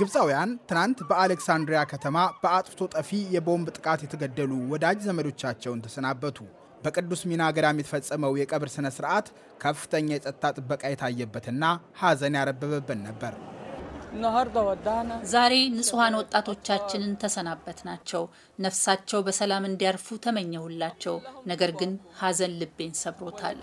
ግብፃውያን ትናንት በአሌክሳንድሪያ ከተማ በአጥፍቶ ጠፊ የቦምብ ጥቃት የተገደሉ ወዳጅ ዘመዶቻቸውን ተሰናበቱ። በቅዱስ ሚና ገዳም የተፈጸመው የቀብር ስነ ስርዓት ከፍተኛ የጸጥታ ጥበቃ የታየበትና ሐዘን ያረበበበት ነበር። ዛሬ ንጹሐን ወጣቶቻችንን ተሰናበት ናቸው። ነፍሳቸው በሰላም እንዲያርፉ ተመኘሁላቸው። ነገር ግን ሀዘን ልቤን ሰብሮታል።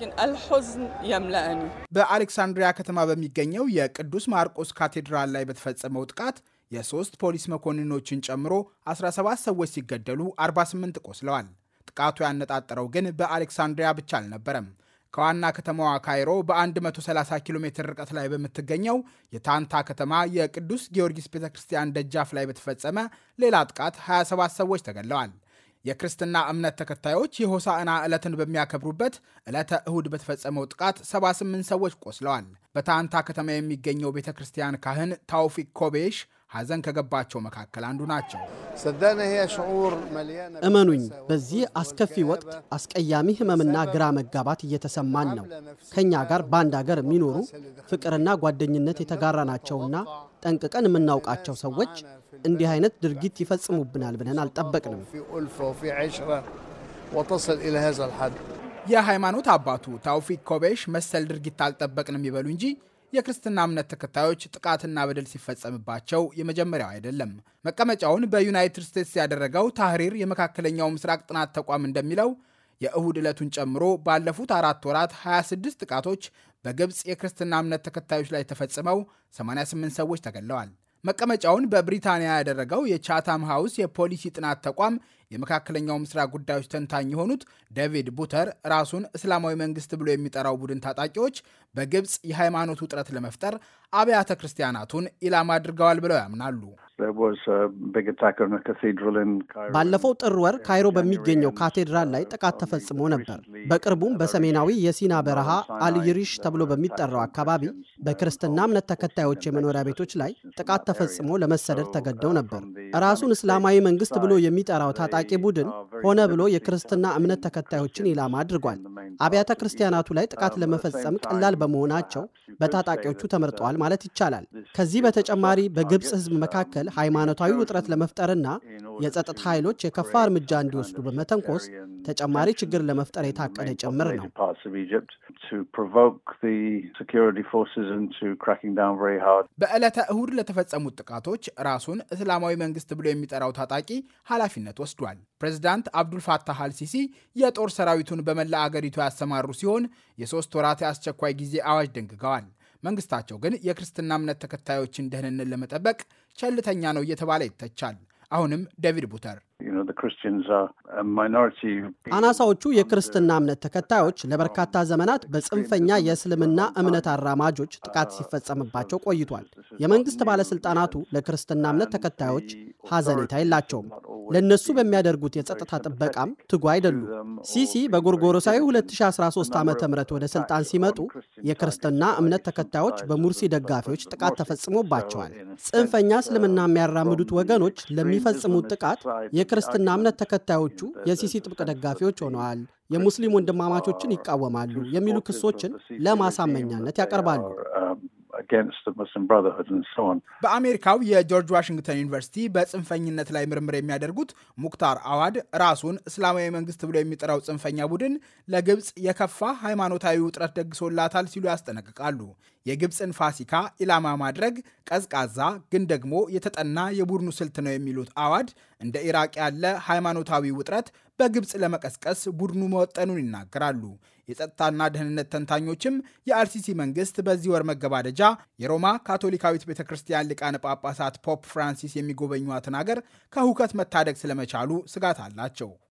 በአሌክሳንድሪያ ከተማ በሚገኘው የቅዱስ ማርቆስ ካቴድራል ላይ በተፈጸመው ጥቃት የሶስት ፖሊስ መኮንኖችን ጨምሮ 17 ሰዎች ሲገደሉ 48 ቆስለዋል። ጥቃቱ ያነጣጠረው ግን በአሌክሳንድሪያ ብቻ አልነበረም። ከዋና ከተማዋ ካይሮ በ130 ኪሎ ሜትር ርቀት ላይ በምትገኘው የታንታ ከተማ የቅዱስ ጊዮርጊስ ቤተ ክርስቲያን ደጃፍ ላይ በተፈጸመ ሌላ ጥቃት 27 ሰዎች ተገለዋል። የክርስትና እምነት ተከታዮች የሆሳዕና ዕለትን በሚያከብሩበት ዕለተ እሁድ በተፈጸመው ጥቃት 78 ሰዎች ቆስለዋል። በታንታ ከተማ የሚገኘው ቤተ ክርስቲያን ካህን ታውፊክ ኮቤሽ ሐዘን ከገባቸው መካከል አንዱ ናቸው። እመኑኝ፣ በዚህ አስከፊ ወቅት አስቀያሚ ህመምና ግራ መጋባት እየተሰማን ነው። ከእኛ ጋር በአንድ አገር የሚኖሩ ፍቅርና ጓደኝነት የተጋራናቸውና ጠንቅቀን የምናውቃቸው ሰዎች እንዲህ አይነት ድርጊት ይፈጽሙብናል ብለን አልጠበቅንም። የሃይማኖት አባቱ ታውፊቅ ኮቤሽ መሰል ድርጊት አልጠበቅንም ይበሉ እንጂ የክርስትና እምነት ተከታዮች ጥቃትና በደል ሲፈጸምባቸው የመጀመሪያው አይደለም። መቀመጫውን በዩናይትድ ስቴትስ ያደረገው ታህሪር የመካከለኛው ምስራቅ ጥናት ተቋም እንደሚለው የእሁድ ዕለቱን ጨምሮ ባለፉት አራት ወራት 26 ጥቃቶች በግብፅ የክርስትና እምነት ተከታዮች ላይ ተፈጽመው 88 ሰዎች ተገለዋል። መቀመጫውን በብሪታንያ ያደረገው የቻታም ሃውስ የፖሊሲ ጥናት ተቋም የመካከለኛው ምስራቅ ጉዳዮች ተንታኝ የሆኑት ዴቪድ ቡተር ራሱን እስላማዊ መንግስት ብሎ የሚጠራው ቡድን ታጣቂዎች በግብፅ የሃይማኖት ውጥረት ለመፍጠር አብያተ ክርስቲያናቱን ኢላማ አድርገዋል ብለው ያምናሉ። ባለፈው ጥር ወር ካይሮ በሚገኘው ካቴድራል ላይ uh, ጥቃት um, ተፈጽሞ ነበር። በቅርቡም uh, በሰሜናዊ የሲና በረሃ አልይሪሽ uh, ተብሎ በሚጠራው አካባቢ በክርስትና እምነት ተከታዮች የመኖሪያ ቤቶች ላይ ጥቃት ተፈጽሞ ለመሰደድ ተገደው ነበር። ራሱን እስላማዊ መንግስት ብሎ የሚጠራው ታጣቂ ቡድን ሆነ ብሎ የክርስትና እምነት ተከታዮችን ኢላማ አድርጓል። አብያተ ክርስቲያናቱ ላይ ጥቃት ለመፈጸም ቀላል በመሆናቸው በታጣቂዎቹ ተመርጠዋል ማለት ይቻላል። ከዚህ በተጨማሪ በግብፅ ህዝብ um, መካከል መካከል ሃይማኖታዊ ውጥረት ለመፍጠርና የጸጥታ ኃይሎች የከፋ እርምጃ እንዲወስዱ በመተንኮስ ተጨማሪ ችግር ለመፍጠር የታቀደ ጭምር ነው። በዕለተ እሁድ ለተፈጸሙት ጥቃቶች ራሱን እስላማዊ መንግስት ብሎ የሚጠራው ታጣቂ ኃላፊነት ወስዷል። ፕሬዚዳንት አብዱልፋታህ አልሲሲ የጦር ሰራዊቱን በመላ አገሪቱ ያሰማሩ ሲሆን የሶስት ወራት የአስቸኳይ ጊዜ አዋጅ ደንግገዋል። መንግስታቸው ግን የክርስትና እምነት ተከታዮችን ደህንነት ለመጠበቅ ቸልተኛ ነው እየተባለ ይተቻል። አሁንም ዴቪድ ቡተር አናሳዎቹ የክርስትና እምነት ተከታዮች ለበርካታ ዘመናት በጽንፈኛ የእስልምና እምነት አራማጆች ጥቃት uh, ሲፈጸምባቸው ቆይቷል። የመንግስት ባለስልጣናቱ ለክርስትና እምነት ተከታዮች ሐዘኔታ የላቸውም። ለእነሱ በሚያደርጉት የጸጥታ ጥበቃም ትጉ አይደሉ። ሲሲ በጎርጎሮሳዊ 2013 ዓ ም ወደ ሥልጣን ሲመጡ የክርስትና እምነት ተከታዮች በሙርሲ ደጋፊዎች ጥቃት ተፈጽሞባቸዋል። ጽንፈኛ እስልምና የሚያራምዱት ወገኖች ለሚፈጽሙት ጥቃት የክርስትና እምነት ተከታዮቹ የሲሲ ጥብቅ ደጋፊዎች ሆነዋል፣ የሙስሊም ወንድማማቾችን ይቃወማሉ የሚሉ ክሶችን ለማሳመኛነት ያቀርባሉ። በአሜሪካው የጆርጅ ዋሽንግተን ዩኒቨርሲቲ በጽንፈኝነት ላይ ምርምር የሚያደርጉት ሙክታር አዋድ ራሱን እስላማዊ መንግስት ብሎ የሚጠራው ጽንፈኛ ቡድን ለግብፅ የከፋ ሃይማኖታዊ ውጥረት ደግሶላታል ሲሉ ያስጠነቅቃሉ። የግብፅን ፋሲካ ኢላማ ማድረግ ቀዝቃዛ ግን ደግሞ የተጠና የቡድኑ ስልት ነው የሚሉት አዋድ እንደ ኢራቅ ያለ ሃይማኖታዊ ውጥረት በግብፅ ለመቀስቀስ ቡድኑ መወጠኑን ይናገራሉ። የጸጥታና ደህንነት ተንታኞችም የአርሲሲ መንግስት በዚህ ወር መገባደጃ የሮማ ካቶሊካዊት ቤተ ክርስቲያን ሊቃነ ጳጳሳት ፖፕ ፍራንሲስ የሚጎበኟትን አገር ከሁከት መታደግ ስለመቻሉ ስጋት አላቸው።